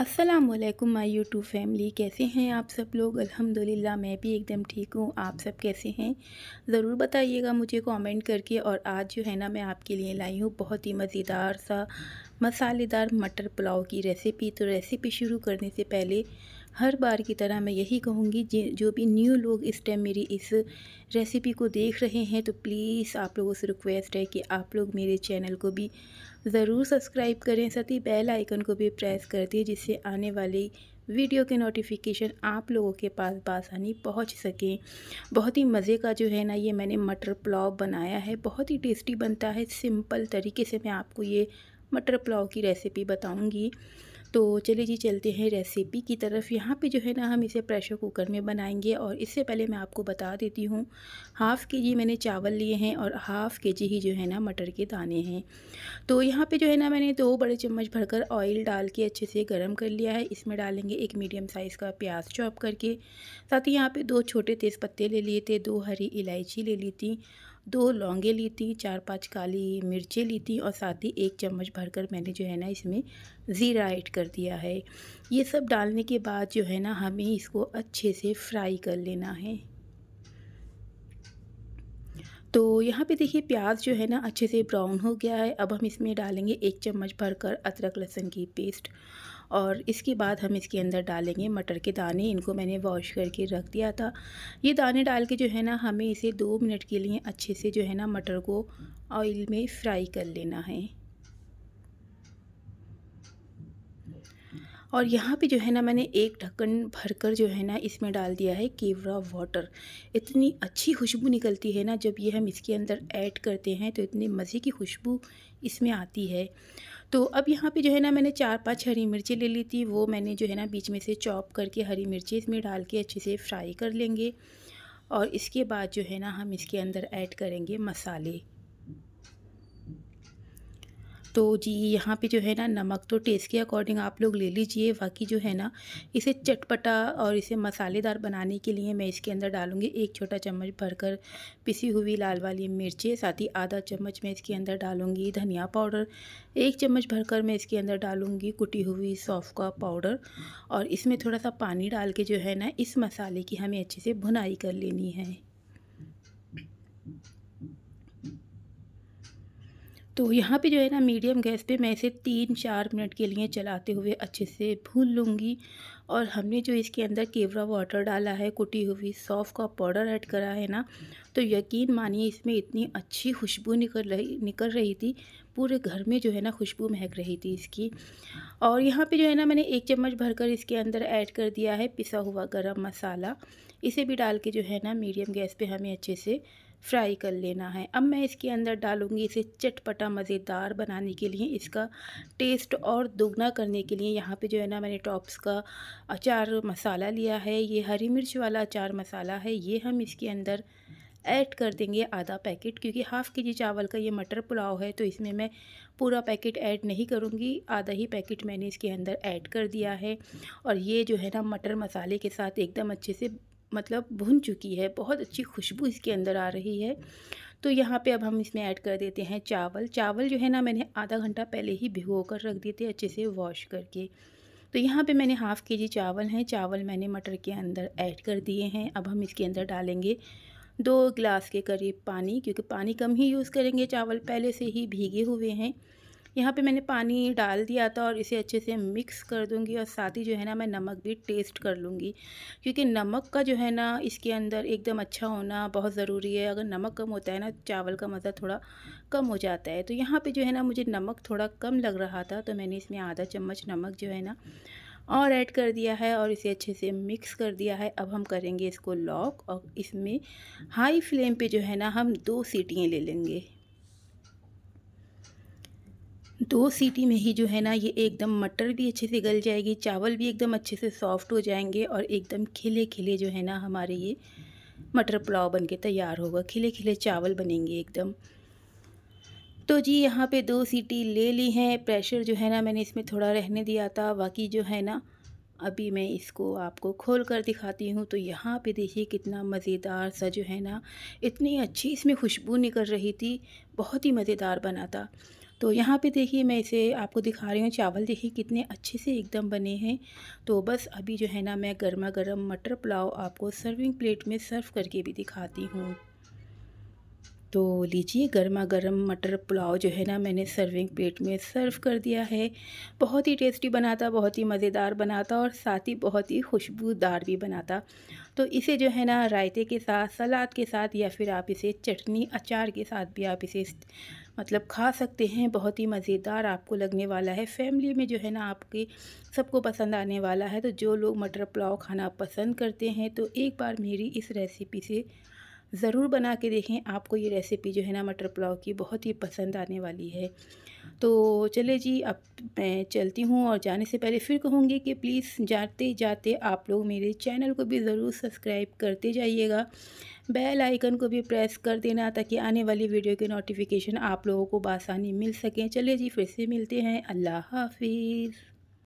असलकम my YouTube family कैसे हैं आप सब लोग अल्हम्दुलिल्लाह मैं भी एकदम ठीक हूँ आप सब कैसे हैं ज़रूर बताइएगा मुझे कमेंट करके और आज जो है ना मैं आपके लिए लाई हूँ बहुत ही मज़ेदार सा मसालेदार मटर पुलाव की रेसिपी तो रेसिपी शुरू करने से पहले हर बार की तरह मैं यही कहूँगी जो भी न्यू लोग इस टाइम मेरी इस रेसिपी को देख रहे हैं तो प्लीज़ आप लोगों से रिक्वेस्ट है कि आप लोग मेरे चैनल को भी ज़रूर सब्सक्राइब करें साथ ही बेल आइकन को भी प्रेस कर दिए जिससे आने वाली वीडियो के नोटिफिकेशन आप लोगों के पास बासानी पहुंच सकें बहुत ही मज़े का जो है ना ये मैंने मटर पुलाव बनाया है बहुत ही टेस्टी बनता है सिंपल तरीके से मैं आपको ये मटर पुलाव की रेसिपी बताऊंगी तो चलिए जी चलते हैं रेसिपी की तरफ यहाँ पे जो है ना हम इसे प्रेशर कुकर में बनाएंगे और इससे पहले मैं आपको बता देती हूँ हाफ़ के जी मैंने चावल लिए हैं और हाफ़ के जी ही जो है ना मटर के दाने हैं तो यहाँ पे जो है ना मैंने दो बड़े चम्मच भरकर ऑयल डाल के अच्छे से गर्म कर लिया है इसमें डालेंगे एक मीडियम साइज़ का प्याज चॉप करके साथ ही यहाँ पर दो छोटे तेज़ पत्ते ले लिए थे दो हरी इलायची ले ली थी दो लौंगे ली थी चार पाँच काली मिर्चें ली थी और साथ ही एक चम्मच भरकर मैंने जो है ना इसमें ज़ीरा ऐड कर दिया है ये सब डालने के बाद जो है ना हमें इसको अच्छे से फ्राई कर लेना है तो यहाँ पे देखिए प्याज जो है ना अच्छे से ब्राउन हो गया है अब हम इसमें डालेंगे एक चम्मच भरकर अदरक लहसुन की पेस्ट और इसके बाद हम इसके अंदर डालेंगे मटर के दाने इनको मैंने वॉश करके रख दिया था ये दाने डाल के जो है ना हमें इसे दो मिनट के लिए अच्छे से जो है ना मटर को ऑयल में फ्राई कर लेना है और यहाँ पे जो है ना मैंने एक ढक्कन भरकर जो है ना इसमें डाल दिया है केवरा वाटर इतनी अच्छी खुशबू निकलती है ना जब ये हम इसके अंदर ऐड करते हैं तो इतनी मज़े की खुशबू इसमें आती है तो अब यहाँ पे जो है ना मैंने चार पांच हरी मिर्ची ले ली थी वो मैंने जो है ना बीच में से चॉप करके हरी मिर्ची इसमें डाल के अच्छे से फ्राई कर लेंगे और इसके बाद जो है ना हम इसके अंदर ऐड करेंगे मसाले तो जी यहाँ पे जो है ना नमक तो टेस्ट के अकॉर्डिंग आप लोग ले लीजिए बाकी जो है ना इसे चटपटा और इसे मसालेदार बनाने के लिए मैं इसके अंदर डालूँगी एक छोटा चम्मच भरकर पिसी हुई लाल वाली मिर्ची साथ ही आधा चम्मच मैं इसके अंदर डालूँगी धनिया पाउडर एक चम्मच भरकर मैं इसके अंदर डालूँगी कुटी हुई सौफ का पाउडर और इसमें थोड़ा सा पानी डाल के जो है ना इस मसाले की हमें अच्छे से भुनाई कर लेनी है तो यहाँ पे जो है ना मीडियम गैस पे मैं इसे तीन चार मिनट के लिए चलाते हुए अच्छे से भून लूँगी और हमने जो इसके अंदर केवरा वाटर डाला है कुटी हुई सौफ़ का पाउडर ऐड करा है ना तो यकीन मानिए इसमें इतनी अच्छी खुशबू निकल रही निकल रही थी पूरे घर में जो है ना खुशबू महक रही थी इसकी और यहाँ पे जो है ना मैंने एक चम्मच भरकर इसके अंदर ऐड कर दिया है पिसा हुआ गरम मसाला इसे भी डाल के जो है ना मीडियम गैस पे हमें अच्छे से फ्राई कर लेना है अब मैं इसके अंदर डालूंगी इसे चटपटा मज़ेदार बनाने के लिए इसका टेस्ट और दोगुना करने के लिए यहाँ पे जो है ना मैंने टॉप्स का अचार मसाला लिया है ये हरी मिर्च वाला अचार मसाला है ये हम इसके अंदर ऐड कर देंगे आधा पैकेट क्योंकि हाफ़ के जी चावल का ये मटर पुलाव है तो इसमें मैं पूरा पैकेट ऐड नहीं करूँगी आधा ही पैकेट मैंने इसके अंदर ऐड कर दिया है और ये जो है ना मटर मसाले के साथ एकदम अच्छे से मतलब भुन चुकी है बहुत अच्छी खुशबू इसके अंदर आ रही है तो यहाँ पे अब हम इसमें ऐड कर देते हैं चावल चावल जो है ना मैंने आधा घंटा पहले ही भिगो कर रख दिए थे अच्छे से वॉश करके तो यहाँ पे मैंने हाफ़ के जी चावल हैं चावल मैंने मटर के अंदर ऐड कर दिए हैं अब हम इसके अंदर डालेंगे दो गिलास के करीब पानी क्योंकि पानी कम ही यूज़ करेंगे चावल पहले से ही भीगे हुए हैं यहाँ पे मैंने पानी डाल दिया था और इसे अच्छे से मिक्स कर दूँगी और साथ ही जो है ना मैं नमक भी टेस्ट कर लूँगी क्योंकि नमक का जो है ना इसके अंदर एकदम अच्छा होना बहुत ज़रूरी है अगर नमक कम होता है ना चावल का मज़ा थोड़ा कम हो जाता है तो यहाँ पर जो है ना मुझे नमक थोड़ा कम लग रहा था तो मैंने इसमें आधा चम्मच नमक जो है ना और ऐड कर दिया है और इसे अच्छे से मिक्स कर दिया है अब हम करेंगे इसको लॉक और इसमें हाई फ्लेम पे जो है ना हम दो सीटियाँ ले लेंगे दो सीटी में ही जो है ना ये एकदम मटर भी अच्छे से गल जाएगी चावल भी एकदम अच्छे से सॉफ्ट हो जाएंगे और एकदम खिले खिले जो है ना हमारे ये मटर पुलाव बन के तैयार होगा खिले खिले चावल बनेंगे एकदम तो जी यहाँ पे दो सीटी ले ली हैं प्रेशर जो है ना मैंने इसमें थोड़ा रहने दिया था बाकी जो है ना अभी मैं इसको आपको खोल कर दिखाती हूँ तो यहाँ पे देखिए कितना मज़ेदार सा जो है ना इतनी अच्छी इसमें खुशबू निकल रही थी बहुत ही मज़ेदार बना था तो यहाँ पे देखिए मैं इसे आपको दिखा रही हूँ चावल देखिए कितने अच्छे से एकदम बने हैं तो बस अभी जो है ना मैं गर्मा गर्म मटर पुलाव आपको सर्विंग प्लेट में सर्व करके भी दिखाती हूँ तो लीजिए गर्मा गर्म मटर पुलाव जो है ना मैंने सर्विंग प्लेट में सर्व कर दिया है बहुत ही टेस्टी बनाता बहुत ही मज़ेदार बनाता और साथ ही बहुत ही खुशबूदार भी बनाता तो इसे जो है ना रायते के साथ सलाद के साथ या फिर आप इसे चटनी अचार के साथ भी आप इसे मतलब खा सकते हैं बहुत ही मज़ेदार आपको लगने वाला है फैमिली में जो है ना आपके सबको पसंद आने वाला है तो जो लोग मटर पुलाव खाना पसंद करते हैं तो एक बार मेरी इस रेसिपी से ज़रूर बना के देखें आपको ये रेसिपी जो है ना मटर पुलाव की बहुत ही पसंद आने वाली है तो चले जी अब मैं चलती हूँ और जाने से पहले फिर कहूँगी कि प्लीज़ जाते जाते आप लोग मेरे चैनल को भी ज़रूर सब्सक्राइब करते जाइएगा बेल आइकन को भी प्रेस कर देना ताकि आने वाली वीडियो के नोटिफिकेशन आप लोगों को बसानी मिल सकें चले जी फिर से मिलते हैं अल्लाह हाफिज़